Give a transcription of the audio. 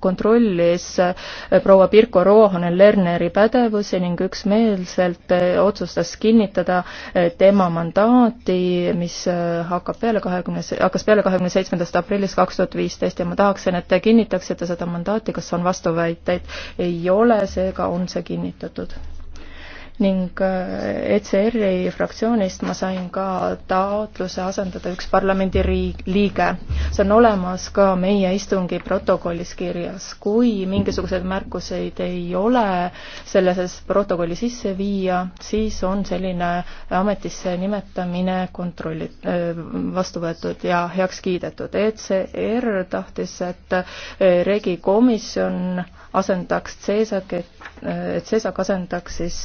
kontrollis äh, proua Pirko Roohonen Lerneri pädevusi ning üksmeelselt äh, otsustas kinnitada äh, tema mandaati, mis hakkab peale kahekümne, hakkas peale kahekümne seitsmendast aprillist kaks tuhat viisteist ja ma tahaksin, et te kinnitaksite seda mandaati, kas on vastuväiteid? ei ole, seega on see kinnitatud ning ECR-i fraktsioonist ma sain ka taotluse asendada üks parlamendi riig-, liige see on olemas ka meie istungi protokollis kirjas. kui mingisuguseid märkuseid ei ole selles protokolli sisse viia, siis on selline ametisse nimetamine kontrolli-, äh, vastu võetud ja heaks kiidetud. ECR tahtis, et äh, regikomisjon asendaks CESAC-i, äh, et CESAC asendaks siis